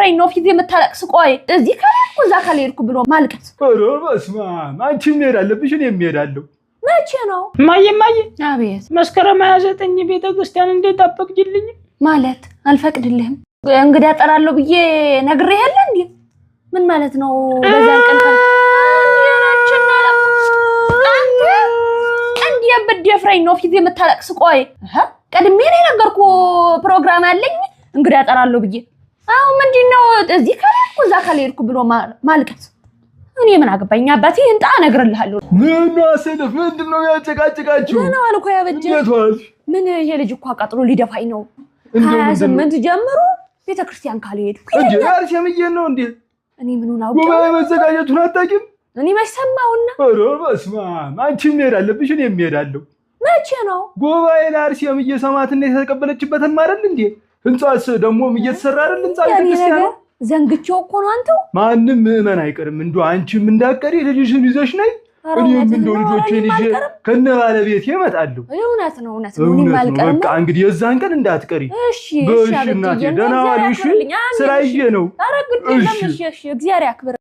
ፍሬንድ ነው ፊት የምታለቅስ ቆይ እዚህ ካልሄድኩ እዛ ካልሄድኩ ብሎ ማልቀስ። ኧረ በስመ አብ አንቺ መሄድ እኔ የምሄዳለሁ። መቼ ነው ማየ? ማየ አቤት። መስከረም ሀያ ዘጠኝ ቤተክርስቲያን ክርስቲያን እንዴት አፈቅጅልኝ ማለት አልፈቅድልህም። እንግዲህ አጠራለሁ ብዬ ነግሬህ የለ እንዴ? ምን ማለት ነው? በዛ ነው ፊት የምታለቅስ ቆይ ቀድሜ ነው የነገርኩህ ፕሮግራም አለኝ እንግዲህ አጠራለሁ ብዬ አሁ ምንድነው እዚህ ከሌልኩ እዛ ከሌልኩ ብሎ ማልቀስ? እኔ ምን አገባኝ አባቴ፣ እንጣ እነግርልሃለሁ። ምን አሰልፍ ምንድነው ነው ያጨቃጭቃችሁ? ገና አልኮ ያበጀ ምን ይሄ ልጅ እኮ አቃጥሎ ሊደፋኝ ነው። ሀያ ስምንት ጀምሮ ቤተክርስቲያን ካልሄድኩ አርሸምዬን ነው እንዴ? እኔ ምኑን አውቄ መዘጋጀቱን አታውቂም? እኔ መች ሰማሁና። ኧረ በስመ አብ አንቺ መሄድ አለብሽ፣ እኔ እሄዳለሁ። መቼ ነው ጉባኤን አርሴምዬ ሰማዕትነት የተቀበለችበትን ማረል እንዴ ህንጻስ ደግሞ እየተሰራ አይደል? ህንጻ ቤተክርስቲያን ነው። ዘንግቼው እኮ ነው አንተው። ማንም ምዕመን አይቀርም። እንዶ አንቺም እንዳቀሪ ልጅሽን ይዘሽ ነይ። እኔም እንዶ ልጆቼን ይዤ ከነ ባለቤቴ እመጣለሁ። እውነት ነው፣ እውነት ነው። እኔም አልቀርም። በቃ እንግዲህ የዛን ቀን እንዳትቀሪ። እሺ፣ እሺ እናቴ። ደህና ዋሪ። እሺ፣ ስራ ይዤ ነው። እሺ፣ እሺ። እግዚአብሔር ያክብር።